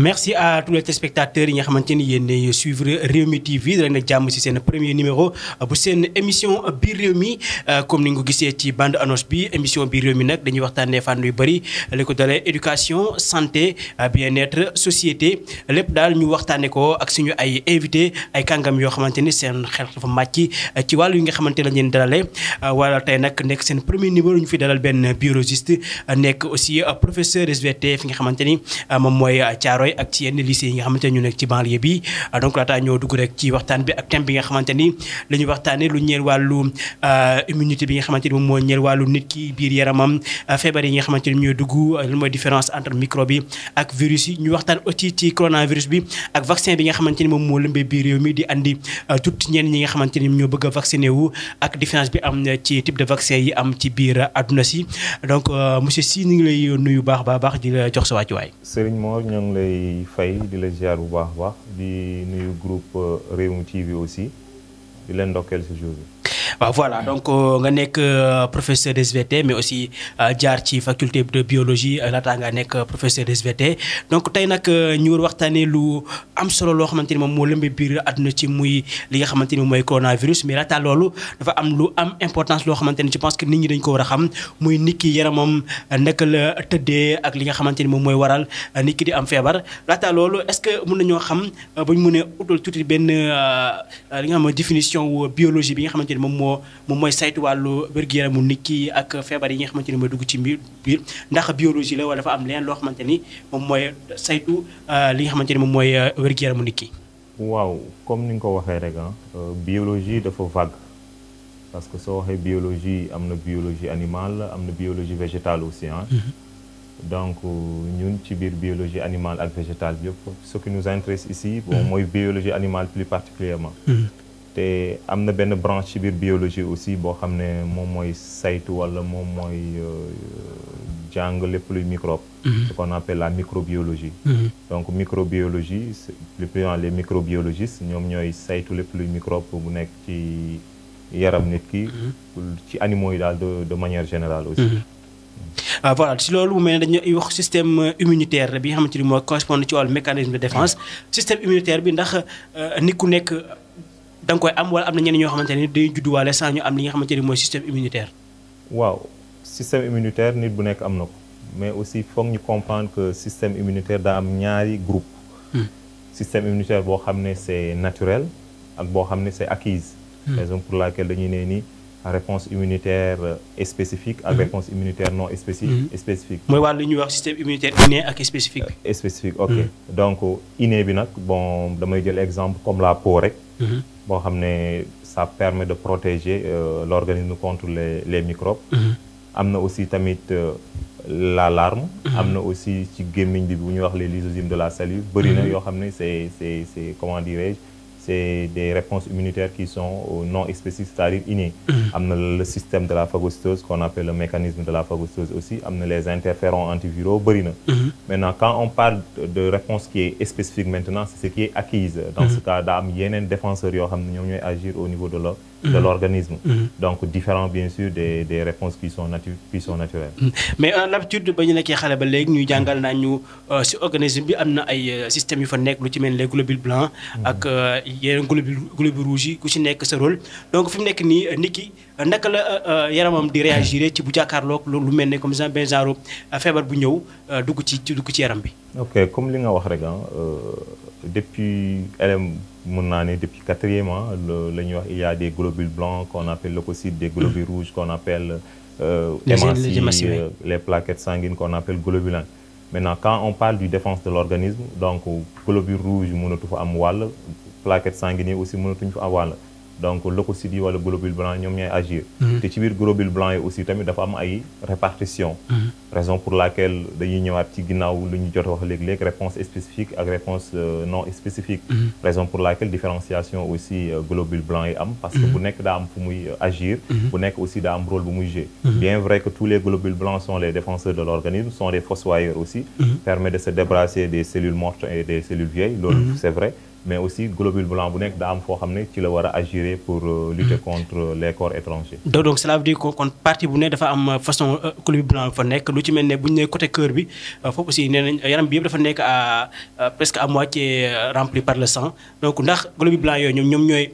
merci à tous les téléspectateurs yi nga xamante ni yéen suivre Rewmi TV da leen a jàmm ci seen premier numéro bu seen émission biir réew mi euh, comme ni nga ko gisee ci band annonce bi émission bi réew mi nag dañuy waxtaanee fànn yu bëri li ko dalee éducation santé euh, bien-être société lépp daal ñu waxtaanee ko ak suñu ay invité ay kàngam yoo xamante ni seen xel dafa màcc euh, ci wàllu yi nga xamante lañ leen dalalee wala tey nag nekk seen premier numéro ñu fi dalal benn biologiste nekk aussi fi nga xamante ni moom mooy Thiaroye Roy ak ci yenn lycée yi nga xamante ne ñu nekk ci banlieue bi donc laataa ñoo dugg rek ci waxtaan bi ak thème bi nga xamante lu ñeel wàllu euh, immunité bi nga xamante moom moo ñeel wàllu nit ki biir yaramam euh, feebar yi nga xamante ni dugg euh, lan mooy différence entre microbe yi ak virus yi ñu waxtaan aussi ci coronavirus bi ak vaccin bi nga xamante ni moom moo lëmbee biir réew mi di andi tuuti ñenn ñi nga xamante ni ñoo bëgg a vacciné wu ak différence bi am ci type de vaccin yi am ci biir àdduna si donc monsieur Sy ñu ngi lay nuyu baax baax di la jox sa wàccuwaay Serigne Mor di fay di la ziar bu baax a baax di nuyu groupe euh, mu TV aussi di leen ndokkeel si jour bi waaw voilà donc euh, nga nekk euh, professeur de SVT mais aussi euh, jaar ci faculté de biologie laataa nga nekk professeur de SVT donc tey nag ñu war waxtaanee lu am solo loo xamante ni moom moo lëmbe biir àdduna ci muy li nga xamante ni mooy coronavirus mais laataa loolu dafa am lu am importance loo xamante ni je pense que nit ñi dañ ko war a xam muy nit ki yaramam naka la tëddee ak li nga xamante ni moom mooy waral nit ki di am feebar laataa loolu est-ce que mun na ñoo xam ba ñu mënee utal tuuti benn li nga xam définition wu nga xamante ni moom moo woo moom mooy saytu wàllu wér-gu-yaramu nit ki ak feebar yi nga xamante ni mooy dugg ci mbir biir ndax biologie la wala dafa am leneen loo xamante ni moom mooy saytu euh, li nga xamante ni moom mooy euh, wér-gu-yaramu nit ki. waaw comme ni nga ko waxee rek ah euh, biologie dafa vague parce que soo waxee biologie am na biologie animale am na biologie végétale aussi ah. mm-hmm. donc ñun ci biir biologie animale ak végétale yëpp ce qui nous intéresse ici bon mm-hmm. mooy biologie animale plus particulièrement mm-hmm. te am na benn branche ci biir biologie aussi boo xam ne moom mooy saytu walla moom mooy euh, jàng lépp luy microbe mm-hmm. ce qu'on appelle la microbiologie mm-hmm. donc microbiologie le plus les microbiologistes ñoom ñooy saytu lépp luy microbe bu nekk ci yaram nit ki mm-hmm. ci animaux yi daal de de manière générale aussi ah voilà si loolu mu mel ne dañuy wax système euh, immunitaire bi nga xamante ni moo correspond ci wàllu mécanisme de défense système immunitaire bi ndax euh, nit ku nekk da nga am wala am na ñenn ñoo xamante ne day judduwaale sans am li nga xamante ni mooy système immunitaire. waaw système immunitaire nit bu nekk am na ko mais aussi foog ñu comprendre que système immunitaire daa am ñaari groupe hmm. système immunitaire boo xam ne c'est naturel ak boo xam ne c'est acquise. Hmm. raison pour laquelle dañuy nee ni réponse immunitaire spécifique ak hmm. réponse immunitaire non spécifique spécifique mooy wàllu ñuy wax système immunitaire inné ak spécifique euh, spécifique ok donc inné bi nag bon damay jël exemple comme la peau rek boo xam ne ça permet de protéger euh, l'organisme contre les les microbes mhm. am na aussi tamit euh, la larme mhm. am na aussi ci gémmiñ bi bu ñu wax les lysosomes de la salive bëri mhm. yoo xam ne c'est c'est comment dirais c'est des réponses immunitaires qui sont non spécifiques, c'est-à-dire innées. Mm. am na le système de la phagocytose qu'on appelle le mécanisme de la phagocytose aussi am na les interférons antiviraux bëri na. Mm-hmm. maintenant quand on parle de réponse qui est spécifique maintenant c'est ce qui est acquise. dans mm-hmm. ce cas daa am yeneen défenseurs yoo xam ne ñoom ñooy agir au niveau de l'homme de mm-hmm. l'organisme. Mm-hmm. donc différent bien sûr des des réponses qui sont natu qui en naturelles. Mm-hmm. mais euh, l'habitude ba ñu nekkee xale ba léegi ñuy jàngal naa ñu ci euh, organisme bi am na ay euh, systèmes yu fa nekk lu ci mel ne les globules blancs. ak yeneen globules globules rouges yi ku ci nekk sa rôle. donc fi mu nekk nii nit ki naka la yaramam di réagir ci bu jàkkaarloog lu mel ne comme sa benn genre feebar bu ñëw dugg ci dugg ci yaram bi. ok comme li nga wax rek ah depuis mën naa ne depuis quatrième an la ñuy wax il y a des globules blancs qu'on appelle leucocytes des globules mm. rouges qu'on appelle euh, hématies euh, les plaquettes sanguines qu'on appelle globulins maintenant quand on parle du défense de l'organisme donc globule rouge mënatu fa am wàll plaquettes sanguines yi aussi mënatuñu fa am wàll donc leucocytes yi wala globule blanc ñoom ñooy agir mhm. te ci biir globule blanc yi aussi tamit dafa am ay répartition mhm. raison ñëwaat ci ginnaaw lu ñu jot wax léegi-léegi réponse spécifique ak réponse euh, non spécifique mhm. raison pour laquelle différenciation aussi euh, globule blanc yi am parce que bu nekk daa am fu muy euh, agir bu nekk aussi daa am rôle bu muy jouer bien vrai que tous les globules blancs sont les défenseurs de l'organisme sont des fossoyeurs aussi permet de se débarrasser des cellules mortes et des cellules vieilles loolu c'est vrai mais aussi globule blanc bu nekk daa am foo xam ne ci la war a agir pour euh, lutter mm-hmm. contre les corps étrangers. donc cela veut kon partie bu ne dafa am euh, façon globule euh, fa nekk lu ci mel ne bu ñu nee côté cœur bi foofu aussi nee nañ yaram yëpp dafa nekk à presque à moitié rempli par le sang donc ndax globule yooyu ñoom ñoom ñooy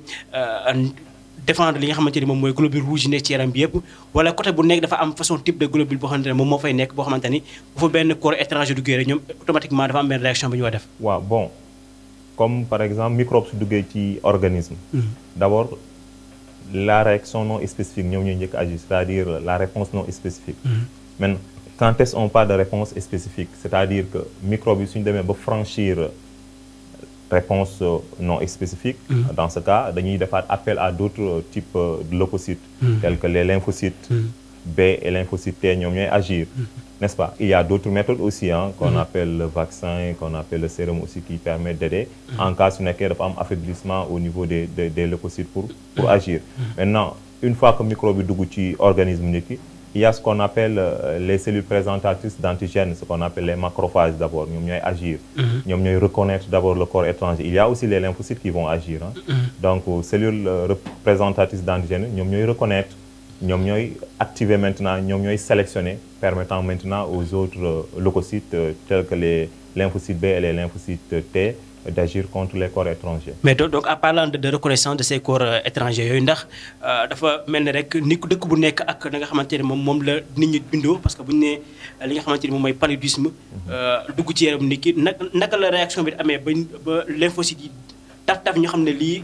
défendre li nga xamante ni moom mooy globule rouge yi nekk ci yaram bi yëpp wala côté bu nekk dafa am façon type de globule boo xamante moom moo fay nekk boo xamante ni bu fa benn corps étranger duggee rek ñoom automatiquement dafa am benn réaction bi ñu war def. waaw bon. comme par exemple microbe su duggee ci organisme mm-hmm. d' abord la réaction non spécifique ñoom ñooy njëkk agir c' est à dire la réponse non spécifique mm-hmm. maintenant quand est-ce on parle de réponse spécifique c' est à dire que microbe yi suñu demee ba franchir réponse non spécifique mm-hmm. dans ce cas dañuy defaat appel à d' autres types de leucocytes tels que les lymphocytes B et lymphocytes T ñoom ñooy agir n'est-ce pas Il y a d'autres méthodes aussi hein, qu'on mm -hmm. appelle le vaccin, qu'on appelle le sérum aussi qui permet d'aider mm-hmm. en cas su nekkee affaiblissement au niveau des des des leucocytes pour pour mm-hmm. agir. Mm-hmm. Maintenant une fois que microbe bi dugg ci organisme nit il y a ce qu'on appelle euh, les cellules présentatrices d'antigènes ce qu'on appelle les macrophages d'abord ñoom ñooy agir. ñoom ñooy reconnaître d'abord le corps étranger il y a aussi les lymphocytes qui vont agir Donc euh, euh, ñoom ñooy reconnaître. ñoom ñooy activer maintenant ñoom ñooy sélectionner permettant maintenant aux autres euh, leucocytes euh, tels que le lymphocytes B et les lymphocytes T euh, d'agir contre les corps étrangers. mais donc donc parlant de reconnaissance de ces corps étrangers yooyu ndax dafa mel ni rek ni dëkk bu nekk ak na nga xamante ne moom moom la nit ñi bindoo parce que bu ñu li nga xamante ni moom mooy paludisme. Mhm. dugg ci yaram nit ki nag naka la réaction bi amee ba ba lymphocytes yi taf taf ñu xam ne lii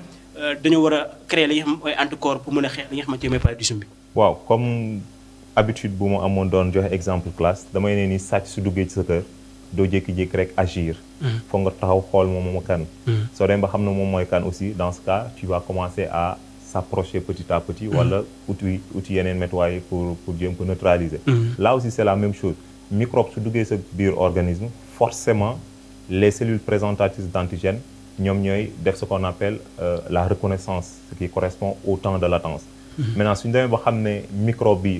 dañoo war a créer li nga xam mooy anticorps pour mën a xeex li nga xamante waaw comme habitude bu mu amoon doon joxe exemple classe damay ne ni sàcc su duggee sa kër doo jékki-jékki rek agir. Mm. foog nga taxaw xool moom moomu kan. Mm. soo demee ba xam ne moom mooy kan aussi dans ce cas tu vas commencer à s'approcher petit à petit. Mm. wala uti uti yeneen métuwaay pour pour jéem ko neutraliser. là aussi c'est la même chose microbe su duggee sa biir organisme forcément les cellules présentatrices d'antigènes ñoom ñooy def ce qu'on appelle euh, la reconnaissance ce qui au temps de latence. Mm-hmm. maintenant suñu demee ba xam ne microbe bi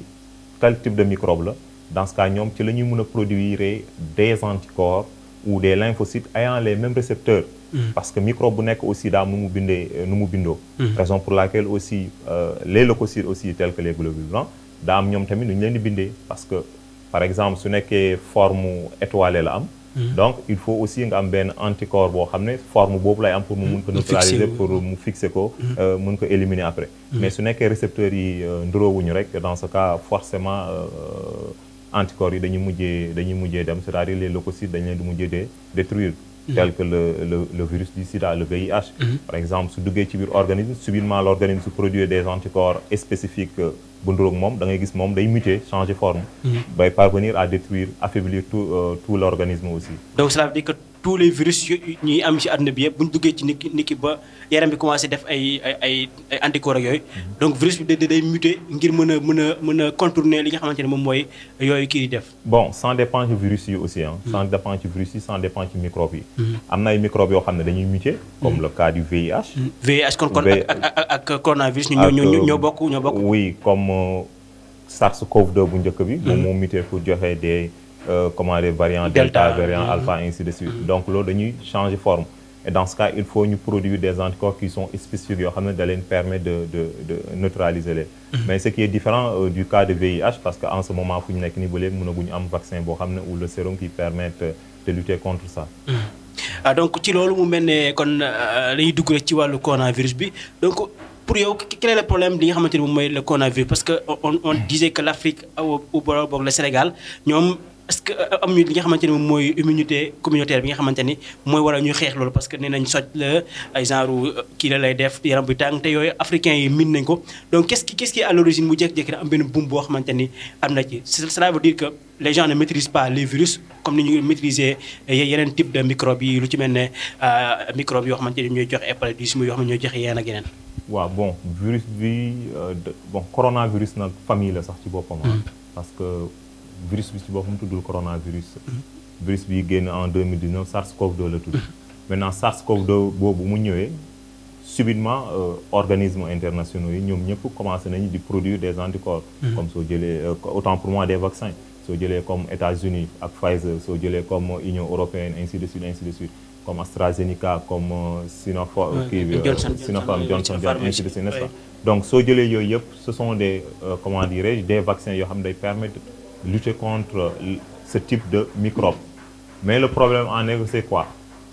quel type de microbe la dans ce ñoom ci la ñuy mën a produire des anticorps ou des lymphocytes ayant les mêmes récepteurs mm-hmm. parce que microbe bu nekk aussi daa nu mu bindee euh, nu mu bindoo mm-hmm. raison pour laquelle aussi euh, les leucocytes aussi tels que les globules blancs daa am ñoom tamit nu ñu leen di bindee parce que par exemple su nekkee forme étoile la am Mm-hmm. donc il faut aussi nga am benn anticorps boo xam ne forme boobu lay am pour mu mm-hmm. mun ko neutraliser pour mu fixer ko mm-hmm. euh, mun ko éliminer mais su nekkee récepteurs yi euh, nduroowuñu rek dans ce cas forcément euh, anticorps yi dañuy mujjee dañuy mujjee dem c'est-à-dire les dañ leen di mujjee de détruire Mm-hmm. tels que le le le virus du sida le VIH. Mm-hmm. par exemple su duggee ci biir organisme subitement l' su produit des anticorps spécifiques euh, bu moom da gis moom day muter changer forme. Mm-hmm. bay parvenir à détruire affaiblir tout euh, tout l' organisme aussi. tous les virus ñuy am ci àdduna bi yëpp bu duggee ci nit ki nit ki ba yaram bi commencé def ay ay ak yooyu. Mhm. donc virus bi day day muté ngir mën a mën a mën a contourner li nga xamante ne moom mooy yooyu kii def. bon sans dépend ci virus yi aussi ah. Mhm. sans dépend ci virus yi sans dépend ci microbe yi. Mhm. am na ay microbes yoo xam ne dañuy muté. comme le cas du VIH. VIH kon kon ak ak ak coronavirus. ñoo ñoo euh, ñoo bokk ñoo bokk. oui comme euh, SARS-CoV-2 bu njëkk bi. moom moo muté pour joxe Euh, comment des variants delta variant mm-hmm. alpha ainsi de suite mm-hmm. donc loolu dañuy changer forme et dans ce cas il faut ñu produire des anticorps qui sont spécifiques yoo xam ne da leen permettre de de de neutraliser leen mm-hmm. mais ce qui est différent euh, du cas de VIH parce que en ce moment fu ñu nekk ni ba léegi mënaguñu am vaccin boo xam ne ou le sérum qui permettent euh, de lutter contre ça ah, donc ci loolu mu mel ne kon dañuy dugg rek ci wàllu coronavirus bi donc pour yow quel est le problème li nga ni moom mooy le coronavirus que on on disait est ce que euh, am ñu li nga xamante ni moom mooy immunité communautaire bi nga xamante ni mooy waral ñuy xeex loolu parce que nee nañ soj la ay genre euh, kii la lay def yaram bu tàng te yooyu africain yi min nañ ko donc qu'est-ce qui qu'est-ce qui à l'origine mu jékki-jékki na am benn buum boo xamante ni am na ci cela veut dire que les gens ne maîtrisent pas les virus comme ni ñu maîtriser euh, yeneen type de microbes yi lu ci mel ne microbes yoo xamante ni ñooy joxe ay paludisme yoo xam ne joxe yeneen ak yeneen waaw bon virus bi bon coronavirus nag famille virus bi ci boppam tuddul coronavirus. Mhm. virus bi génn en 2019 SARS-CoV-2 la tudd. Mhm. maintenant SARS-CoV-2 boobu mu ñëwee subitement euh, organismes internationaux yi ñoom ñëpp commencé nañu di produire des anticorps. Mhm. comme soo jëlee euh, autant pour moi des vaccins. soo jëlee comme États-Unis ak Pfizer soo jëlee comme euh, Union européenne ainsi de suite ainsi de suite comme AstraZeneca comme Sinopharm kii Sinopharm Johnson Johnson ainsi donc soo jëlee yooyu yëpp ce sont des comment dirais des vaccins yoo xam ne day permettre lutter contre ce type de microbe mais le problème en est que quoi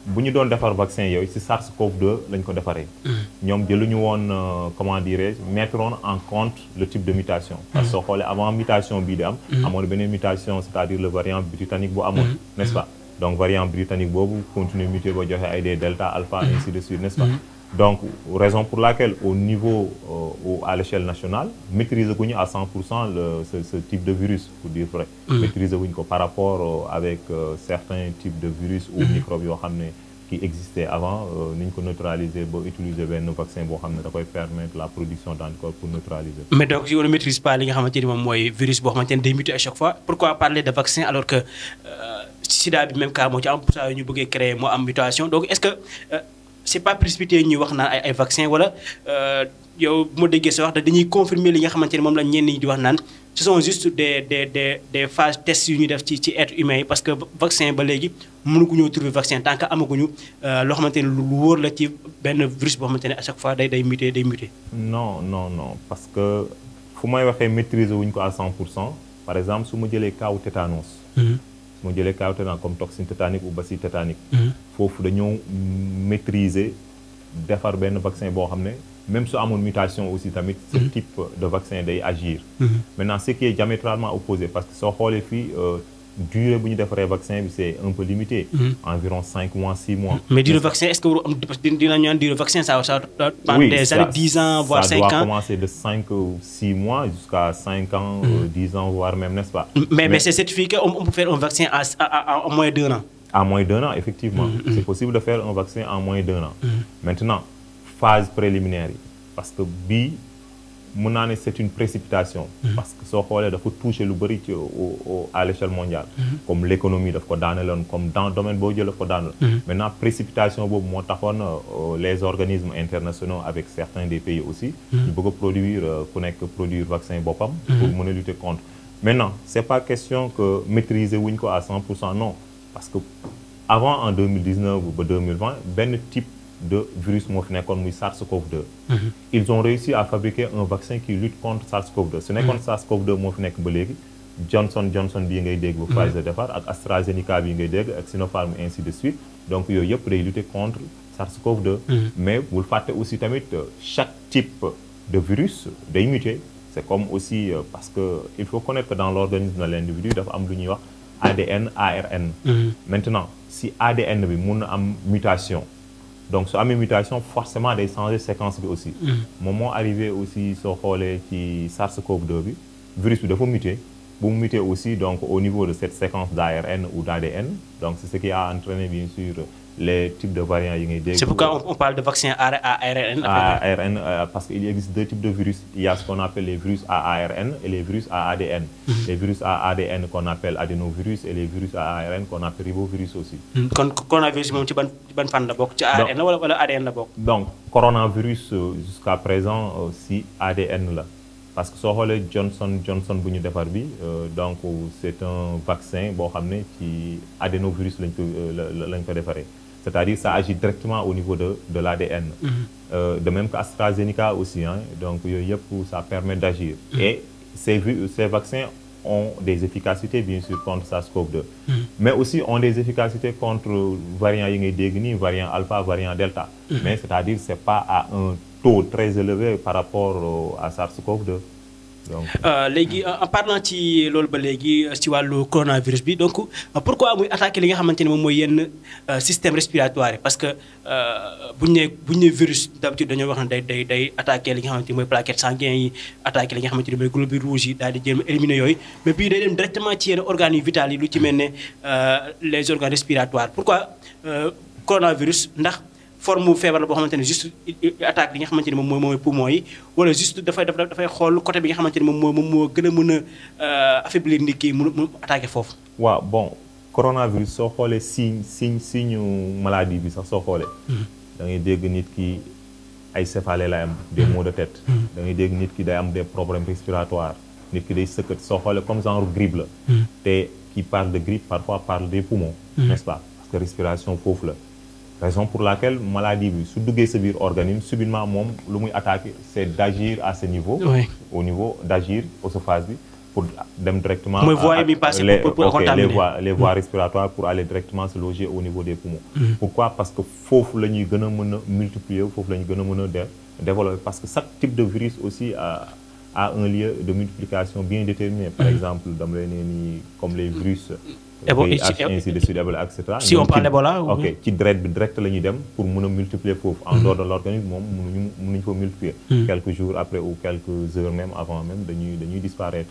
bu ñu doon defar vaccin yooyu ci SARS-CoV-2 lañ ko defaree. Mm-hmm. ñoom lu ñu woon euh, comment dirais-je en compte le type de mutation. Mm-hmm. parce que soo xoolee avant mutation bii di am. Mm-hmm. amoon beneen mutation c'est-à-dire le variant britannique bu amoon. n'est-ce pas donc variant britannique boobu continue muté ba joxe ay des delta alpha ainsi de suite n'est-ce pas. donc raison pour laquelle au niveau euh, à l'échelle nationale maîtriser guñu à 100 pour cent ce, ce type de virus pour dire vrai mm. maîtriser guñu ko par rapport euh, avec euh, certains types de virus ou mm. microbes yoo xam ne qui existait avant euh, ni ñu ko neutraliser ba utiliser benn vaccin boo xam ne da koy permettre la production d'anticorps pour neutraliser. mais donc si on ne maîtrise pas li nga xamante ni moom mooy virus boo xamante ni day muté à chaque fois pourquoi parler de vaccin alors que sida bi même cas moo ci am pour ça ñu bëggee créer moo am mutation donc est-ce que. c'est pas précipité ñuy wax naan ay ay vaccin wala euh, yow bu ma déggee sa wax dañuy confirmer li nga xamante ne moom la ñeen ñi di wax naan ce sont juste des des des des phases yu ñuy def ci ci être humain yi parce que vaccin ba léegi mënaguñoo trouver vaccin tant que amaguñu euh, loo xamante ne lu wóor la ci benn virus boo xamante ne à chaque fois day day muté day muté. non non non parce que fu may waxee maîtriser wuñ ko à 100 pour cent par exemple su ma jëlee kaw tétanos. Mm-hmm. moo jëlee kaawtenaa comme toxin tétanique ou bacille tétanique mhm. foofu dañoo maîtriser defar benn vaccin boo xam ne même si amoon mutation aussi tamit ce mhm. type de vaccin day agir mhm. maintenant ce qui est opposé parce que soo xoolee fii euh, durée bu ñu defaree vaccin bi c'est un peu limité. Mm-hmm. environ cinq mois six mois. mais durée vaccin est-ce que dina ñu naan durée vaccin ça ça dix ans voire cinq ans mm-hmm. euh, dix ans voire même n'est-ce pas. mais c'est certifié qu'on peut faire vaccin à à d'un an. effectivement. Mm-hmm, c'est possible de faire un vaccin en moins d'un an. maintenant phase préliminaire parce que bii. mun naa ne c' est une précipitation. Mhm. parce que soo xoolee dafa toucher lu bëri ci au à l' mondiale. Mhm. comme l' économie daf ko loon comme dans domaine boo jël daf ko daaneloon. Mhm. maintenant précipitation boobu moo tax euh, les organismes internationaux avec certains des pays aussi. ñu bëgg a produire euh, ku nekk produire vaccin boppam. pour mën a lutter contre. maintenant c' est pas question que maîtriser wuñ ko à 100 pour cent non parce que avant en 2019 ba 2020 benn type. de virus moo fi nekkoon muy SARS-CoV-2. Mhm. ils on réussi à fabriquer un vaccin qui lutte contre SARS-CoV-2 su nekkoon mhm. SARS-CoV-2 moo fi nekk ba léegi Johnson Johnson bii ngay dégg. bu mhm. Pfizer defar ak AstraZeneca bii ngay dégg ak Sinopharm ainsi de suite donc yooyu yëpp de lutter contre SARS-CoV-2. mais bul fàtte aussi tamit euh, chaque type de virus day muter c'est comme aussi euh, parce que il faut connaître dans l'organisme de l'individu dafa am lu ñuy wax ADN ARN. maintenant si ADN bi mun na am mutation. donc su amee mutation forcément day changer séquence bi aussi. Mm. moom moo arrivé aussi soo xoolee ci SARS-CoV-2 bi virus bi dafa muté bu mu aussi donc au niveau de cette séquence d'ARN ou d'ADN donc c'est ce qui a entraîné bien sûr. les types de variants yi ngay dégg. C'est pourquoi on parle de vaccin ARN. ARN euh, parce qu'il existe deux types de virus. Il y a ce les virus ARN et les virus à ADN. Mm-hmm. Les virus à ADN qu'on appelle adénovirus et les virus à ARN qu'on appelle ribovirus aussi. Mm-hmm. kon coronavirus moom ci ban ci ADN la bokk. coronavirus euh, jusqu'à présent euh, si ADN la. parce que soo xoolee Johnson Johnson bu ñu defar bi donc c'est un vaccin boo xam ne ci adénovirus lañ ko lañ ko defaree. C'est-à-dire ça agit directement au niveau de, de l'ADN. Mm -hmm. euh, de même qu'AstraZeneca aussi. Hein, donc, ça permet d'agir. Mm -hmm. Et ces, ces, vaccins ont des efficacités, bien sûr, contre SARS-CoV-2. Mm -hmm. Mais aussi ont des efficacités contre variant Yingedegni, variant Alpha, variant Delta. Mm-hmm. Mais c'est-à-dire c'est pas à un taux très élevé par rapport euh, à SARS-CoV-2. Euh, léegi euh, en parlant ci loolu ba léegi euh, ci wàllu coronavirus bi donc pourquoi muy attaqué li nga xamante ni moom mooy yenn système respiratoire yi parce que buñ ne bu ne virus d'habitude dañoo wax ne day day day attaqué li nga xamante ni mooy plaquettes sanguines yi attaqué li nga xamante ni mooy globules rouges yi daal di jéem a éliminer yooyu mais bii day dem directement ci yenn organes yu vitales yi lu ci mel ne les organes respiratoires pourquoi coronavirus ndax. forme feebar la boo xamante ne juste attaque bi nga xamante ne moom mooy mooy poumon yi wala juste dafay dafay xool côté bi nga xamante ne moom moo moom moo gën a mën a euh, affaiblir nit ki mu mu attaqué foofu. waaw bon coronavirus soo xoolee signe signe signe maladie bi sax soo xoolee. Mm-hmm. da ngay dégg nit ki ay céphalées lay am des mm-hmm. maux de tête. Mm-hmm. da ngay dégg nit ki day am des problèmes respiratoires nit ki day sëkkat soo xoolee comme genre grippe la. te qui parle de grippe parfois parle des poumons. n'est-ce pas parce que respiration foofu la. raison pour laquelle maladie bi su duggee sa biir organisme subitement moom lu muy attaqué c'est d'agir à ce niveau. au niveau d'agir oesophage bi pour dem directement. mooy voie bi passé pour pour les voies mm. respiratoires pour aller directement se loger au niveau des poumons. Mm. pourquoi parce que foofu la ñuy a mën a multiplier foofu la ñuy gën mën a de parce que chaque type de virus aussi a un lieu de multiplication bien déterminé. par mm. exemple dama lay ne comme les virus. si on parle Ebola ok ci direct la dem pour mun a multiplier foofu en mhm. dehors de l'organisme moom mënuñu mënuñu fa multiplier mhm. quelques jours après ou quelques heures même avant même dañuy dañuy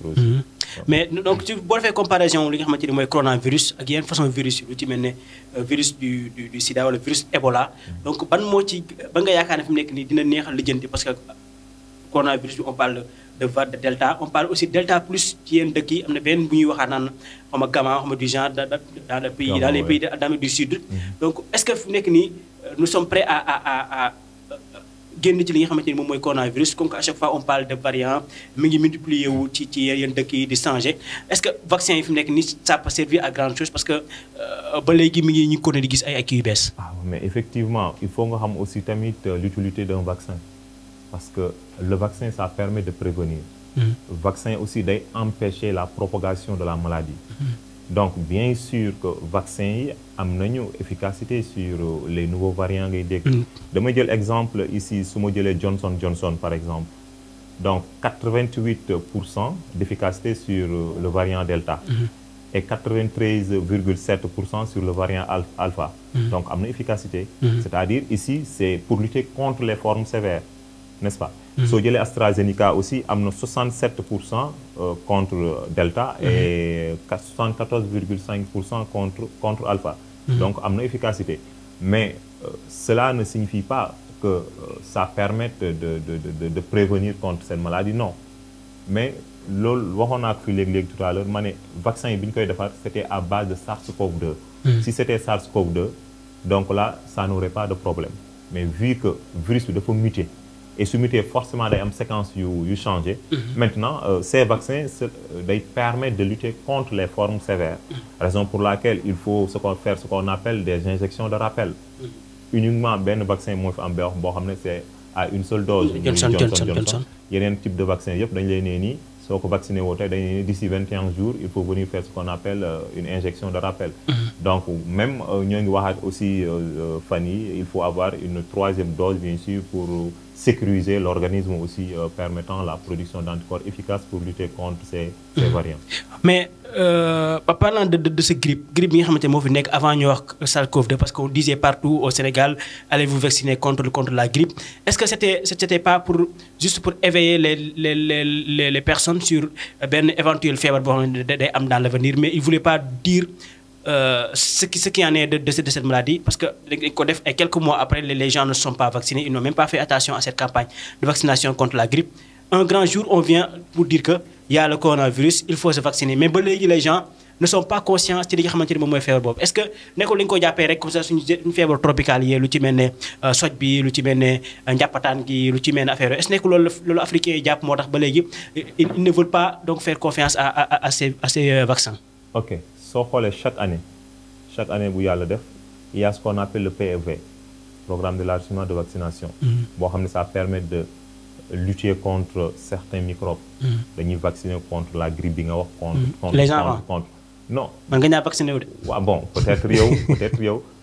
aussi mhm. mais donc ci boo defee comparaison li nga xamante ni mooy coronavirus ak yeneen façon virus lu ci mel ne euh, virus du du sida virus Ebola donc ban moo ci ba nga yaakaar ne fi mu nekk nii dina neexal lijjanti parce que de var de delta on parle aussi delta plus ci yenn dëkk yi am na benn ci li nga xamante ni moom mooy coronavirus comme que à chaque fois on parle de variant mi ngi multiplier wu ci ci yenn dëkk yi di changer est-ce que vaccin yi fi nekk nii ça peut servir à grande chose parce que euh, ba léegi mi ngi ñu ngi continuer gis ay ay kii bees. waaw ah, mais effectivement il faut nga xam aussi tamit euh, l'utilité d'un vaccin. parce que le vaccin ça permet de prévenir le mm-hmm. vaccin aussi day empêcher la propagation de la maladie mm-hmm. donc bien sûr que vaccin yi am nañu efficacité sur euh, les nouveaux variants ngay dégg mm-hmm. dama jël exemple ici su ma jëlee Johnson Johnson par exemple donc 88 pour cent d'efficacité sur euh, le variant Delta et 93,7 pour cent sur le variant alpha donc am na efficacité c'est-à-dire ici c'est pour lutter contre les n'est-ce pas mm-hmm. soo jëlee AstraZeneca aussi am na 67 pour cent euh, contre Delta et 74 mm-hmm. virgule 5 pour cent contre contre Alpha mm-hmm. donc am na efficacité mais euh, cela ne signifie pas que euh, ça permette de de de de prévenir contre cette maladie no mais loolu waxoon naa ko fi léegi-léegi tout à ma ne vaccin yi bi ñu koy defar c'était à base de SARS-CoV-2 si c'était SARS-CoV-2 donc là ça n'aurait pas de problème mais vu que virus de dafa muté et su mutee forcément day am séquence yu yu changé mm-hmm. maintenant euh, ces vaccins day permettre de lutter contre les formes sévères mm-hmm. raison pour laquelle il faut ce qu'on faire ce qu'on appelle des injections de rappel mm-hmm. uniquement benn vaccin moo fi am ba boo xam ne c'est à une seule dose Johnson Johnson yeneen type de vaccin yëpp dañu lay nee nii soo ko vacciné woo tey dañu ne d'ici 21 jours il faut venir faire ce qu'on appelle euh, une injection de rappel. donc même euh, ñoo ngi waxaat aussi euh, fan yi faut avoir une troisième dose bien sûr pour sécuriser l'organisme aussi euh, permettant la production d'anticorps efficaces pour lutter contre ces, variants. Mais euh, de, de, ce grippe, grippe bi nga xam ne moo fi nekk avant ñu wax SARS-CoV-2 parce qu'on disait partout au Sénégal allez-vous vacciner contre contre la grippe est-ce que c'était c'était pas pour juste pour éveiller les les les les personnes sur euh, benn éventuel feebar boo xam ne day am dans l'avenir mais il voulait pas dire Euh, ce qui ce qui en est de de cette maladie parce que dañ ko def ay quelques mois après les gens ne sont pas vaccinés ils n'ont même pas a le coronavirus il faut se vacciner mais ba léegi les gens ne sont pas conscients ci li nga mooy feebar boobu est que nekkul lañu ko jàppee rek comme ça suñu feebar tropicale yi lu ci mel ne euh, soj bi lu ci mel ne euh, njàppataan gi lu ci mel ne affaire est que nekkul loolu africain jàpp moo tax ba léegi ils ne veulent pas donc faire confiance à à à soo xoolee chaque année chaque année bu yàlla def il y a ce qu'on appelle le PEV programme d'élargissement de vaccination mm-hmm. boo xam ne ça permet de lutter contre certains microbes mm-hmm. dañuy vacciner contre la grippe bi nga wax contre mm-hmm. les gens contre non man nga ñaa vacciné wu de waaw bon peut-être yow peut-être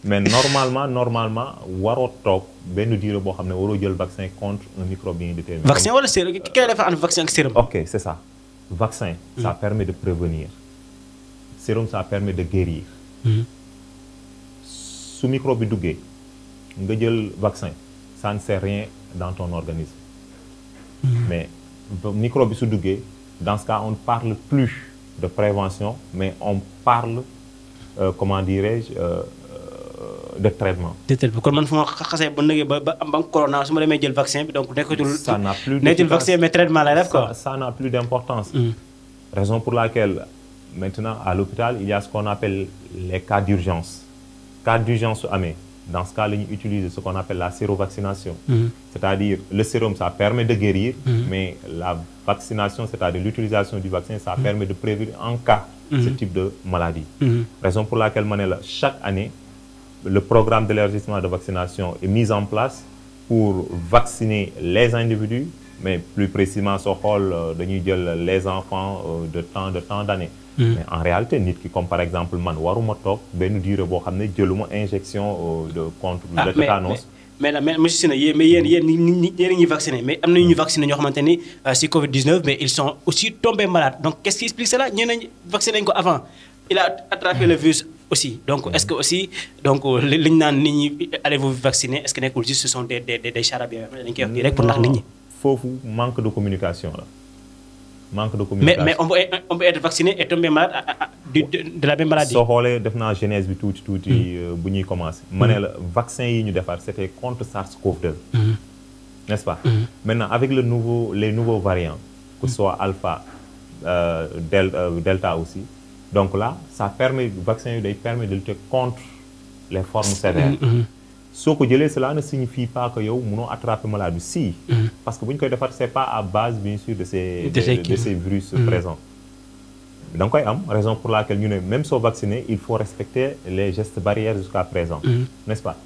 mais normalement normalement waroo toog benn diiro boo xam ne waroo jël vaccin contre un microbe bien déterminé vaccin wala sérum ki koy defar an vaccin ak sérum ok sérum ça permet de guérir. Hmm. su microbe bi duggee nga jël vaccin ça ne sert rien dans ton organisme. Hmm. mais microbe bi su duggee dans ce on ne parle plus de prévention mais on parle euh, comment dirais-je euh, euh, de traitement. de traitement kon man fu ma xasee ba nëgee ba ba am ba corona su ma demee vaccin bi donc nekkatul. ça n'a plus nekkatul vaccin mais traitement lay def quoi. ça n'a plus d'importance. Hmm. raison pour laquelle maintenant à l'hôpital il y a ce qu'on appelle les cas d'urgence cas d'urgence su amee dans ce cas la ñu utilise ce qu'on appelle la sérovaccination mm c'est-à-dire le sérum ça permet de guérir mm mais la vaccination c'est-à-dire l'utilisation du vaccin ça mm -hmm. permet de prévenir en cas ce mm-hmm. type de maladie raison pour ma ne chaque année le programme d'élargissement de vaccination est mis en place pour vacciner les individus mais plus précisément soo xool euh, dañuy jël les enfants euh, de tant de tant d'années Mm. mais en réalité nit ki comme par exemple man waruma toog benn durée boo xam ne jëluma injection euh, de contre ah, le tétanos mais la mais monsieur Sina yéen mais yéen ñi ñi yéen mais am na ñu vacciné ñoo xamante ni euh, si Covid 19 mais ils sont aussi malades donc qu'est-ce qui explique cela ñeneen ñi vacciné nañu ko avant il a attrapé le virus aussi donc mm. est-ce que aussi donc euh, li ñu naan nit ñi allez-vous vacciner est-ce que nekkul juste ce foofu manque de communication la. manque de communication mais mais on peut on peut être vacciné et tomber malade ah, ah, ah, de, de, de la def naa genèse bi tuuti tuuti. Hmm. Euh, bu ñuy commencé. ma ne hmm. la vaccin yi ñu defar c' était contre SARS-CoV-2. Hmm. est ce pas. maintenant avec le nouveau les nouveaux variants. que ce soit alpha euh, del, euh, delta aussi donc là ça permet vaccin yi day permet de lutter contre les formes sévères. soo ko jëlee cela ne signifie pas que yow mënoo attraper maladie si. Mm-hmm. parce que bu ñu koy defar c'est pas à base bien sûr de ces. de ces virus mm-hmm. présents. da nga koy am raison pour laquelle ñu ne même soo vacciné il faut respecter les gestes barrières jusqu'à présent. Mm-hmm. n'est-ce pas.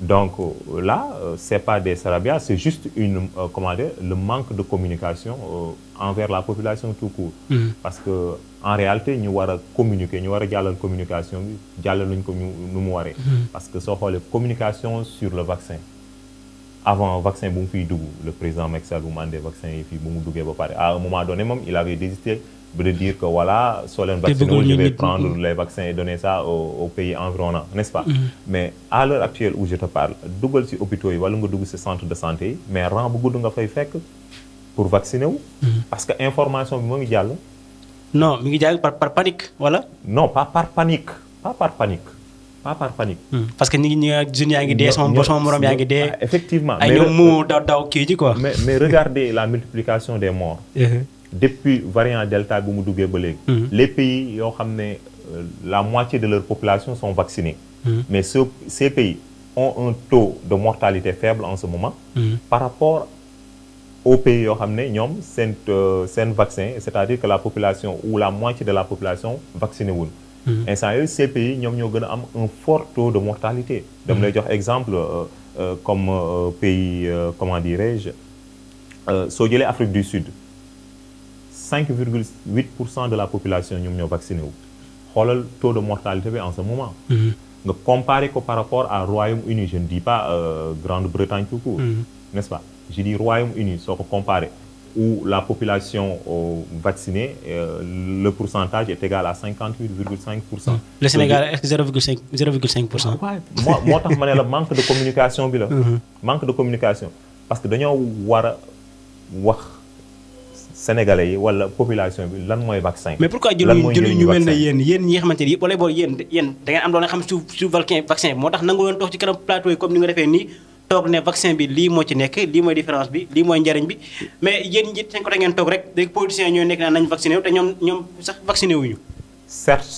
Donc là, euh, ce n'est pas des sarabias, c'est juste une, euh, comment dire, le manque de communication euh, envers la population tout court. Mm -hmm. Parce que en réalité, nous devons communiquer, nous devons la communication, nous mm. Parce que ça, la communication sur le vaccin. Avant le vaccin, le président Maxal Oumande, vaccin, à un moment donné, même, il avait désisté de dire que voilà, soit les vaccins, je vais prendre les vaccins et donner ça pas mm-hmm. Mais à l'heure actuelle où je te parle, dugal si hôpitaux yi wala nga dugg si centre de santé mais rang bu gudd nga fay fekk pour vacciner wu. Mm-hmm. parce que information bi moo ngi jàll. no mi ngi jàll par par panique wala. no pas par panique pas par panique. pas par panique. Mm. parce que ñi ñi jeunes yaa ngi dee. sama bopp sama yaa ngi dee. Ah, effectivement ay ñoom mu daw daw kii ji quoi. mais mais regardez la multiplication des morts. Uh-huh. depuis variant delta bi mu duggee ba léegi mhm. les pays yoo xam ne euh, la moitié de leur population sont vaccinés mhm. mais ce ces pays ont un taux de mortalité faible en ce moment mhm. par rapport aux pays yoo xam ne ñoom seen euh, seen vaccin c'est-à-dire que la population ou la moitié de la population vaccinée wul instant yooyu ces pays ñoom ñoo gën a am un fort taux de mortalité dama lay jox exemple euh, comme pays comment dirais-je soo jëlee Afrique du Sud cinq virgule huit pour cent de la population ñoom ñoo vacciné wu xoolal taux de mortalité bi en ce moment mm-hmm. nga comparer ko par rapport a Royaume-Uni je ne dis pas euh, Grande-Bretagne tout court mm-hmm. n'est-ce pas je dis Royaume-Uni soo ko comparer où la population euh, vaccinée, euh, le pourcentage est égal à 58,5%. Mm-hmm. Le Sénégal, est-ce que 0,5%? Ouais, moo moo tax ma ne la manque de communication bi la. manque de communication parce que dañoo war wax. sénégalais yi wala population bi lan mooy vaccin. lan mais pourquoi jëluñu jëluñu ñu mel ne yéen yéen ñi nga xamante ni yëpp wala booy am doon xam suuf vaccin bi moo tax nangu leen toog ci kanam plateau yi comme ni nga defee nii toog ne vaccin bi lii mooy njariñ bi mais yéen ñi seen côté ngeen toog rek léegi politiciens ñooy nekk naan nañ vacciné te ñoom ñoom sax vacciné wuñu certes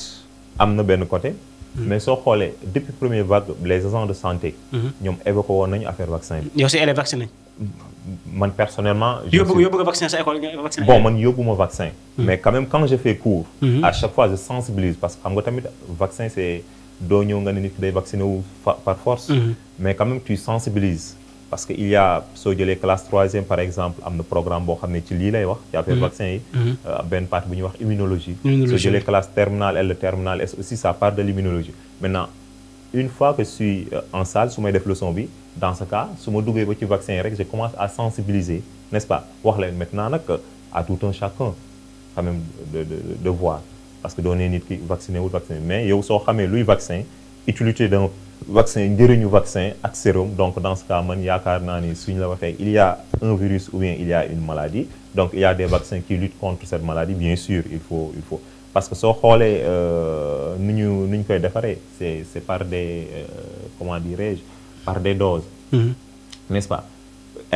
am na benn côté. Hmm. mais soo xoolee depuis première vague les agents de santé. Hmm. ñoom évoqué woon man personnellement. je suis yóbbu nga vaccin sa école nga vacciné bon man yóbbu ma vaccin. Hmm. mais quand même quand je fais cours. Hmm. à chaque fois je sensibilise parce que xam nga tamit vaccin c' est doo ñëw nga ne nit par force. Hmm. mais quand même tu sensibilise parce que il y a soo jëlee classe troisième par exemple am na programme boo xam ne ci lii lay wax. ci affaire vaccin yi. Euh, benn partie bu ñuy wax immunologie. immunologie soo jëlee classe terminale L terminale S aussi ça part de l' immunologie. maintenant une fois euh, su may def leçon bi. dans ce cas su ma duggee ba ci vaccin yi rek je commence à sensibiliser n'est-ce pas wax leen maintenant nag à tout un chacun quand même de de de voir parce que doonee nit ki vacciné wul vacciné mais yow soo xamee luy vaccin utilité d'un vaccin njëriñu vaccin ak sérum donc dans ce cas man yaakaar naa ni suñu la waxee il y a virus ou bien il y une maladie donc il y a des vaccins qui luttent contre cette maladie bien sûr il faut il faut parce que soo xoolee euh, nu ñu nu ñu koy defaree c'est c'est par des euh, comment dirais par des doses. Hmm. n'est-ce pas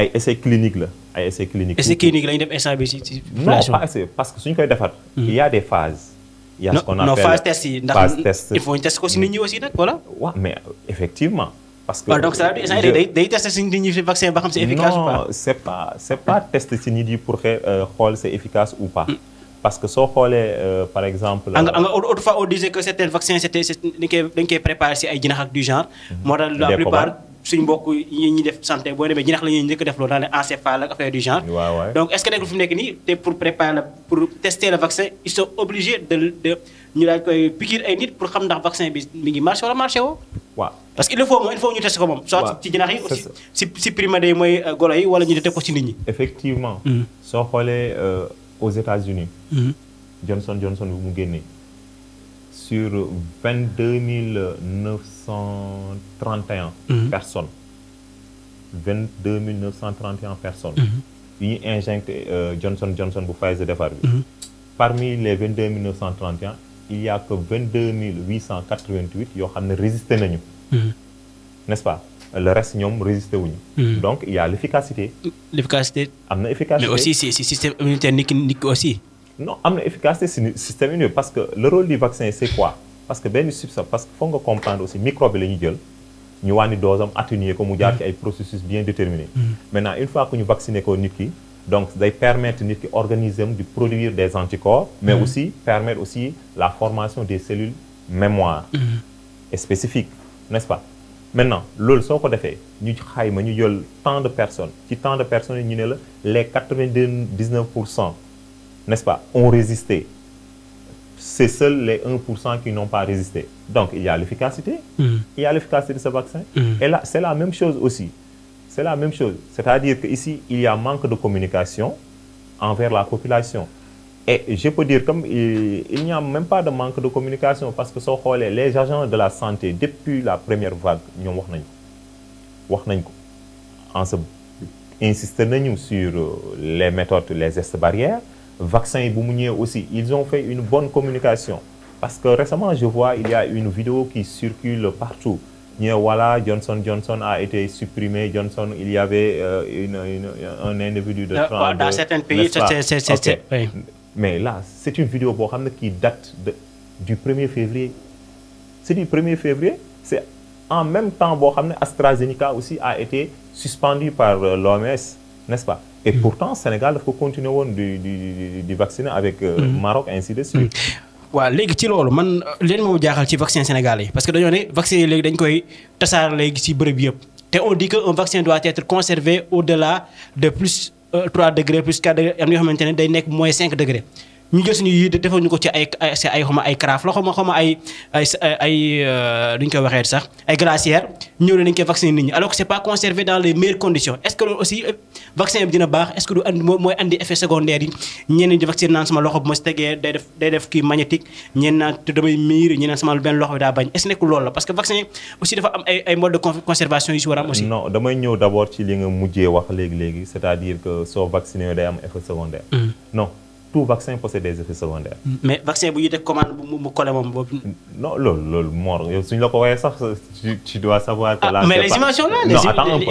ay essais cliniques la ay essais cliniques. essais cliniques def instant bi pas parce que suñ koy defar. Hmm. il y a des phases. il y a ce qu'on appelle test yi il faut ñu test ko si nit ñi aussi nag voilà. waaw mais effectivement. parce que donc ça veut dire day day test si nit ñi fi vaccin ba xam c'est efficace ou c'est pas test si nit yi pour euh, xool c'est efficace ou pas. Hmm. parce que soo xoolee euh, par exemple. nga nga autrefois on disait que certains vaccins c'était dañ koy dañ koy si ay jinax ak du genre. Mhm. moo tax la plupart suñu mbokk yi ñuy def santé boo demee jinax la def loolu daal encéphale ak affaire du genre. donc est-ce que nekk fu mu nekk nii te pour préparer la pour tester le vaccin ils sont obligés de ñu daal koy piquer ay nit pour xam ndax vaccin bi mi ngi marché wala marché woo. parce que il faut moom il faut ñu test ko moom. aux États-Unis mm-hmm. Johnson Johnson bu mu génnee sur vingt deux mm-hmm. mille neuf cent trente et un personnes vingt deux mille neuf cent trente et personnes yu ñu injecté euh, Johnson Johnson bu Pfizer defar bi mm-hmm. parmi les vingt deux mille neuf cent trente et il y a que vingt deux mille huit cent yoo xam ne résisté nañu n'est-ce pas le reste ñoom résister wuñu hmm. donc il y a l'efficacité l'efficacité am na efficacité mais aussi si si système immunitaire nit ki nit ki aussi non am na efficacité si système immunitaire parce que le rôle du vaccin c'est quoi parce que benn substance parce que foog nga comprendre aussi microbe bi la ñuy jël ñu wàññi dose am ko mu jaar hmm. ci ay processus bien déterminé hmm. maintenant une fois que ñu vacciner ko nit ki donc day permettre nit ki organisme di produire des anticorps mais aussi permettre aussi la formation des cellules mémoire et spécifique nest maintenant loolu soo ko defee ñu xayma ñu jël tant de personnes ci tant de personnes ñu ne la les quatre-vingt-dix-neuf pour cent n'est-ce pas ont résisté c'est seuls les 1 pour cent qui n'ont pas résisté donc il y a l'efficacité mm -hmm. il y a l'efficacité de ce vaccin mm-hmm. là c'est la même chose aussi c'est à dire que ici il y a manque de communication envers la population et je peux dire comme il, n'y a même pas de manque de communication parce que so xoolee les agents de la santé depuis la première vague ñoom wax nañu ko wax nañ ko en se insister nañu sur euh, les méthodes les gestes barrières vaccin yi bu mu ñëwee aussi ils ont fait une bonne communication parce que récemment je vois il y a une vidéo qui circule partout ñu ne voilà Johnson Johnson a été supprimé Johnson il y avait euh, une, une un individu de 32 euh, dans certains pays mais là c'est une vidéo boo xam ne qui date de du premier er février c'est du 1er février c'est en même temps boo xam ne AstraZeneca aussi a été suspendu par euh, l'OMS n'est-ce pas et mm. pourtant Sénégal daf ko continuer woon di di di vacciner avec euh, mm. Maroc ainsi de mm. suite waaw léegi ci loolu man leen moom jaaxal ci vaccin Sénégal yi parce que dañoo ne vaccin léegi dañ koy tasaar léegi ci bërëb yëpp te on di que un vaccin doit être conservé au-delà de plus 3 euh, degré plus 4 degré am na yoo xamante ne day nekk mooy cinq degré ñu jël suñu yi defoo ñu ko ci ay ci ay xaw ma ay la xaw ma ay ay euh, ñu koy waxee sax ay glacière ñëw ne dañu koy vacciner nit ñi alors que c'est pas conservé dans les meilleures conditions est-ce kii magnétique ñenn naan te damay miir ñenn naan sama parce que vaccin aussi dafa am ay ay mode a am aussi. non damay ñëw d'abord ci li nga mujjee wax léegi léegi c'est-à-dire soo vacciné day am effet secondaire. Hmm. tout vaccin possède des effets secondaires. Mm. mais vaccin bu ñuy def commande bu mu collé moom boobu. non loolu loolu Mor yow suñ la ko waxee sax tu tu dois savoir. que ah, là mais les images sont là les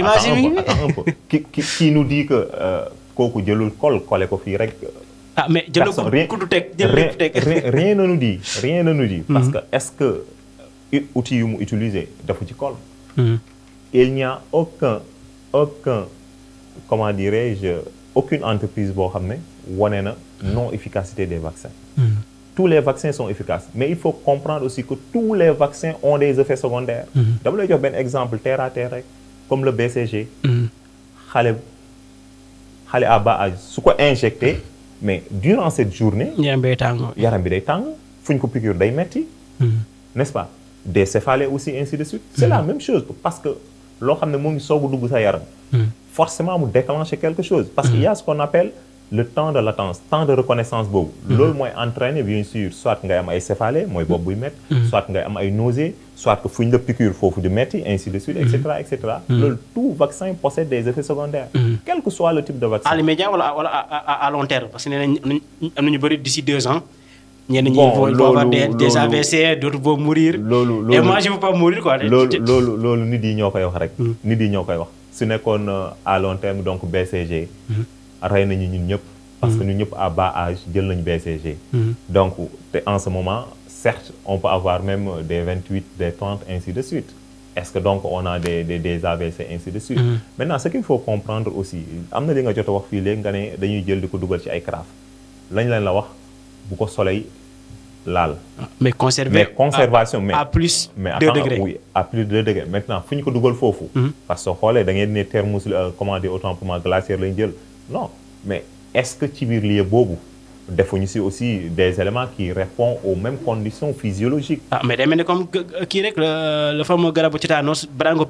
images yi non attends un peu qui qui qui nous euh, kooku jëlul kol collé ko fii rek. ah mais jël na ku du teg jël lépp teg rien ne nous dit rien ne nous dit. Mm-hmm. parce que est-ce que euh, outil yu mu utiliser defu ci kol mm-hmm. il n'y a aucun aucun je aucune entreprise boo xam ne wane na. non-efficacité des vaccins. Mm. Tous les vaccins sont efficaces, mais il faut comprendre aussi que tous les vaccins ont des effets secondaires. Hmm. dama lay jox benn exemple terre à terre rek comme le BCG. Hmm. xale xale à ba âge su ko injecté hmm. mais durant cette journée. yaram bi day tàng. bi day tàng fu ñu ko piqûre day metti n'est-ce pas des céphalées aussi ainsi de suite. c'est la même chose parce que loo xam ne moom soog a dugg sa yaram. forcément mu déclencher quelque chose. parce qu'il le temps de la temps de reconnaissance boobu mhm. loolu mooy entraîner bien sûr soit ngay am ay céphalée mooy bopp buy métti mhm. soit ngay am ay nausée soit que fu ñu la piqûre foofu di métti ainsi de suite et mhm. cetera et cetera loolu tout vaccin possède des effets secondaires quel soit le type de vaccin à l'immédiat wala long terme parce que nee nañ am nañu bëri d'ici deux ans ñenn ñi vont avoir des AVC d'autres vont mourir loolu loolu et moi mourir loolu loolu nit yi ñoo koy wax rek nit yi ñoo koy wax su nekkoon euh, à long donc rey nañu ñun ñëpp. parce que mm-hmm. ñun ñëpp à bas âge jël nañu BCG. Mm-hmm. donc en ce moment certes on peut avoir même des 28 des 30 ainsi de suite. est-ce que donc on a des des des AVC ainsi de suite. Mm-hmm. maintenant ce qu'il faut comprendre aussi am na li nga jot a wax fii léegi nga ne dañuy jël di ko dugal ci ay carafe lañ leen la wax bu ko soleil laal. Ah, mais conserver mais conservation mais à plus de degré mais à plus maintenant fu ñu ko dugal foofu. parce que xoolee da ngeen ne thermos euh, comment dire autant non mais est-ce que ci biir lieu boobu defuñu si aussi des éléments qui répondent aux mêmes conditions physiologiques. Ah, mais day mel comme kii rek le fameux garabu tétanos balaa nga nga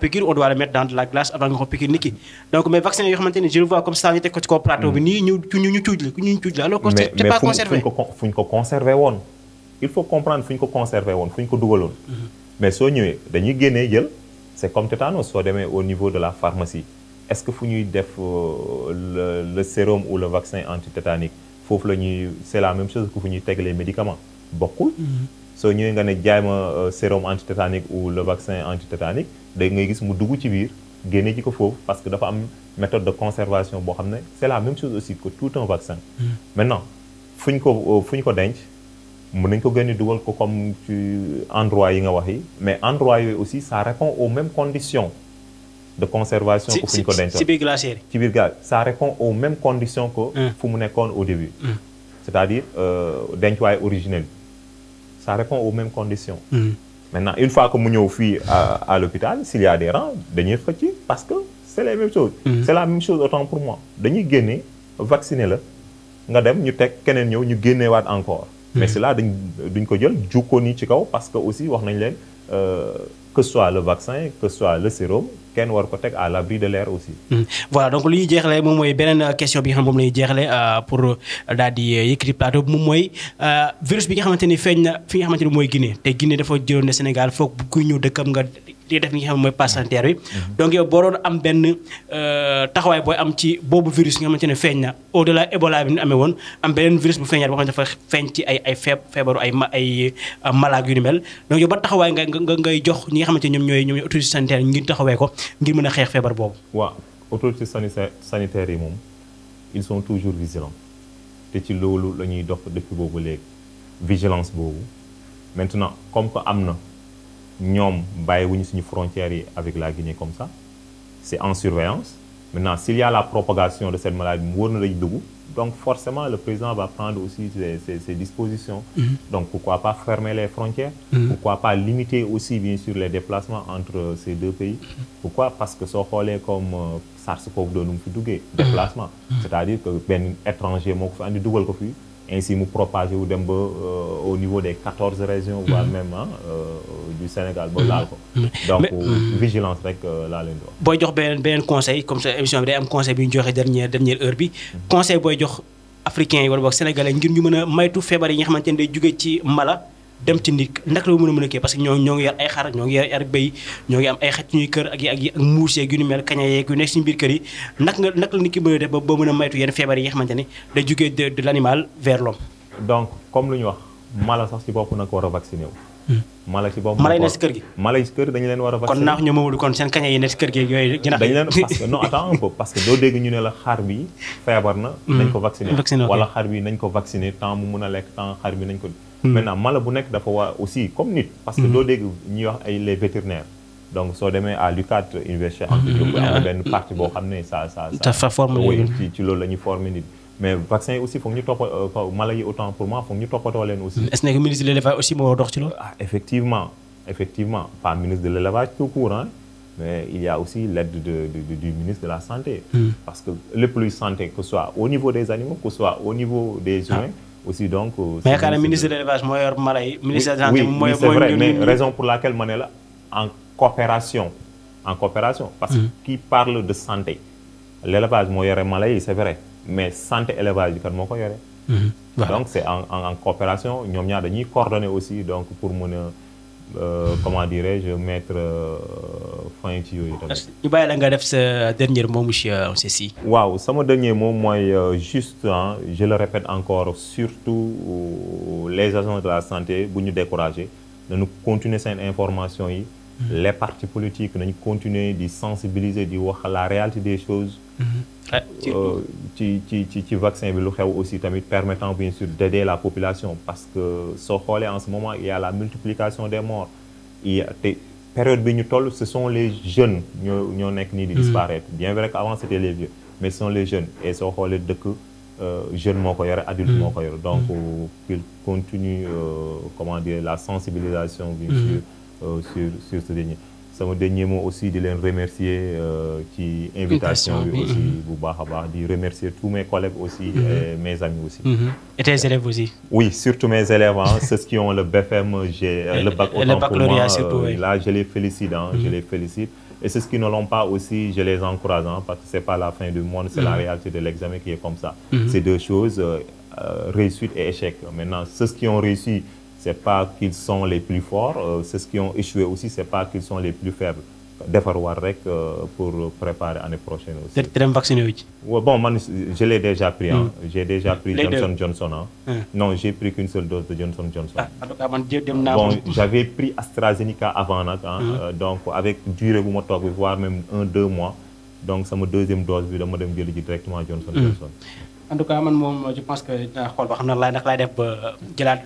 ko piqûre nit ki donc mais vaccin yoo xamante ni je le vois comme ça ñu teg ko ci kaw bi mm. nii ñu ñu cuuj la ñu cuuj la alors que ko conservé woon. il faut comprendre fu ñu ko conservé woon fu ñu ko dugaloon. Mm-hmm. mais soo ñëwee dañuy génnee jël c'est comme tétanos soo demee au niveau de la pharmacie. est-ce que fu ñuy def euh, le le sérum ou le vaccin antitétanique foofu la ñuy c'est même chose que fu ñuy teg les médicaments bokkul. Mm-hmm. soo ñëwee nga ne jaay ma euh, sérum antitétanique ou le vaccin antitétanique da ngay gis mu dugg ci biir génne ci ko foofu parce que dafa am méthode de conservation boo xam ne c'est la même chose aussi que tout un vaccin. Mm-hmm. maintenant fu ñu ko euh, fu ñu ko denc. mën nañ ko gën dugal ko comme ci endroit yi nga wax yi mais endroit yooyu aussi ça répond aux mêmes conditions. de conservation. que fu ñu ko dencoon ci biir glacière ci biir glacière ça répond aux mêmes conditions que. Mm. fu mu nekkoon au début. Mm. c'est-à-dire euh, dencuwaay originel ça répond aux mêmes conditions. Mm. maintenant une fois que mu ñëw fii à à l'hôpital s'il y a des dañuy xëcc parce que c'est les mêmes choses. c'est la même chose autant pour moi dañuy génne vacciner la nga dem ñu teg keneen ñëw ñu génneewaat encore. mais la dañ duñ ko jël jukkoon nii ci kaw parce que aussi wax nañ leen euh, que ce soit le vaccin que ce soit le sérum. kenn war ko teg à l'abri de l'air aussi. Hmm. voilà donc li ñuy jeexalee moom mooy beneen question bi nga xam moom la ñuy jeexalee euh, pour euh, daal di euh, yëkkati plateau bi moom mooy virus bi nga xamante ni feeñ na fi nga xamante ni mooy Guinée te Guinée dafa jëloon ne Sénégal foog bu ku ñëw dëkkam nga. di def li nga xam ne mooy passe sanitaire bi. donc yow boo doon am benn euh, taxawaay booy am ci boobu virus nga xamante ne feeñ na au delà Ebola bi ñu amee woon am beneen virus bu feeñaat boo xam ci ay ma ay euh, malaak yu ni mel ba taxawaay nga nga ngay jox ñi nga xamante ñoom ñooy ñoom ñooy autorité sanitaire ngir taxawee ko ngir mën a xeex feebar boobu. waaw autorité sanitaire sanitaire yi moom ils sont toujours vigilants te ci loolu la ñuy dox depuis boobu léegi vigilance boobu maintenant comme que am na. ñoom bàyyiwuñu suñu frontières yi avec la Guinée comme ça c'est en surveillance maintenant s'il y a la propagation de cette maladie mu wóor na lañ dugg donc forcément le président va prendre aussi ses, ses, ses dispositions mm -hmm. donc pourquoi pas fermer les frontières mm -hmm. pourquoi pas limiter aussi bien sûr les déplacements entre ces deux pays mm-hmm. pourquoi parce que soo xoolee comme euh, SARS-CoV-2 nu mu fi duggee mm-hmm. déplacement mm-hmm. c'est-à-dire que étranger moo ko fi andi dugal ko fi ainsi mu propagé wu dem ba euh, au niveau des quatorze régions. voire mm-hmm. même ah du Sénégal ba laal ko. Mm-hmm. Mm-hmm. donc euh, vigilance rek laa leen di booy jox beneen beneen conseil comme ça émission bi day am conseil bi ñu joxe dernière dernière heure bi. conseil booy jox africains yi wala boog sénégalais ngir ñu mën a maytu feebar yi nga xamante ne day jóge ci mala. dem ci ndikk naka la mën a mën a kii parce que ñoo ngi yor ay xar ñoo ngi yor ay béy ñoo ngi am ay xaj ñuy kër ak ak ak muus yeeg yu ni mel kaña yi la nit ki a def ba ba a maytu yenn hmm. ne si kër gi mala yi si kër dañu leen kon seen kaña yi nekk si kër gi yooyu jinax dañu leen parce que parce que doo dégg ñu ne la xar bi feebar na nañ ko hmm. vacciné temps mu mun a lekk temps xar bi nañ ko Hmm. maintenant mala bu nekk dafa waa aussi comme nit. parce que loo hmm. dégg ñu wax ay les vétérinaires. donc soo demee à l'UCAD université Anta hmm. Diop am benn partie boo xam ne ça ça ça. ça forme ci loolu la ñuy former nit. mais vaccin yi aussi foog ñu toppatoo euh, mala yi autant pour moi foog ñu leen aussi. est-ce que ministre de l'élevage aussi moo dox ci loolu. ah effectivement effectivement pas ministre de l'élevage tout court mais il y a aussi l'aide de, du ministre de la santé. parce que le plus santé que ce soit au niveau des animaux que soit au niveau des ah. humains. aussi donc. Euh, mais yaakaar naa ministre de l'élevage moo yor mala yi. ministre de la ma ne la en coopération en coopération. parce que mm. qui parle de santé. l'élevage moo yore mala yi c'est vrai mais santé élevage bi kat moo ko yore. Mm-hmm. donc c'est en en coopération ñoom ñaar dañuy coordonner aussi donc pour mën a. Euh, comment dirais-je mettre euh, fin ci yooyu tamit. ñu bàyyi la nga def sa dernier mot monsieur monsieur waaw sama dernier mot mooy euh, juste ah je le répète encore surtout les agents de la santé bu ñu découragé nañu continuer seen information yi. Hmm. les partis politiques nañu continuer di sensibiliser di wax la réalité des choses. Mm-hmm. Eh, euh, ci ci ci ci vaccin bi lu xew aussi tamit permettant bien sûr d'aider la population parce que soo xoolee en ce moment il y la multiplication des morts période bi ñu toll ce sont les jeunes ñoo ñoo nekk nii di mm-hmm. disparaître bien vrai que avant c'était les vieux mais ce sont les jeunes et soo xoolee dëkk euh, jeunes moo ko yore adulte moo mm-hmm. ko yore donc qu'il continue euh, comment dire la sensibilisation bien sûr sur sur ce dernier sama dernier mot aussi di leen remercier euh, ci invitation bi aussi mhm. bu baax a baax di remercier tous mes collègues aussi mhm. et mes amis aussi mhm. et tes élèves aussi oui surtout mes élèves hein ceux qui ont le BFM j'ai euh, le bac autant pour moi euh, là je les félicite hein je les félicite et ceux qui ne l'ont pas aussi je les encourage hein parce que c'est pas la fin du monde c'est la réalité de l'examen qui est comme ça c'est deux choses réussite et échec maintenant ceux qui ont réussi c'est pas qu'ils sont les plus forts euh, c'est ce qui ont échoué aussi c'est pas qu'ils sont les plus faibles defar rek euh, pour préparer année prochaine aussi. te dem vacciné hmm. Johnson Johnson hmm. j'ai pris qu'une seule dose de Johnson Johnson. ah j'avais pris AstraZeneca avant nag hmm. euh, avec durée bu ma toog bi voire même un deux mois donc sama deuxième dose bi dama dem jëli ji directement Johnson Johnson. en tout man moom je pense que dinaa ah, xool ba xam na laay ndax laay def ba euh, jëlaat.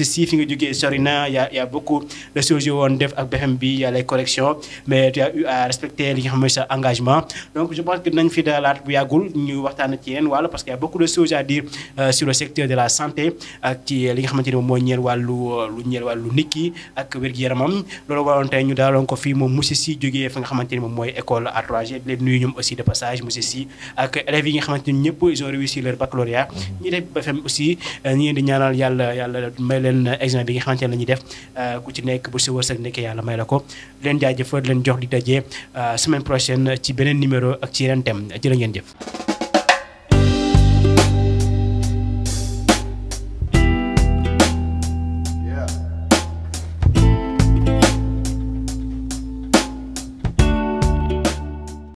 si fi nga jógee sori na y' a y' a beaucoup de choses woon euh, def ak BFM bi y' a les corrections mais tu as eu respecter li nga xam mooy ñeel wàllu lu ñeel wàllu nit ki ak wér yaramam loolu waroon tey ñu daaloon ko fii moom monsieur jógee fi nga xamante mooy école a 3 leen nuyu ñoom aussi de passage monsieur ak élèves yi nga xamante ne ils ont réussi leur baccalauréat mm-hmm. ñi def BFM aussi euh, ñi leen ñaanal yàlla yàlla may leen examen bi nga xamante ne la ñuy def euh, ku ci nekk bu si wërsëg nekkee yàlla may la ko leen jaajëfal leen jox di daje euh, semaine prochaine ci beneen numéro ak ci yeneen thème jërë ngeen jëf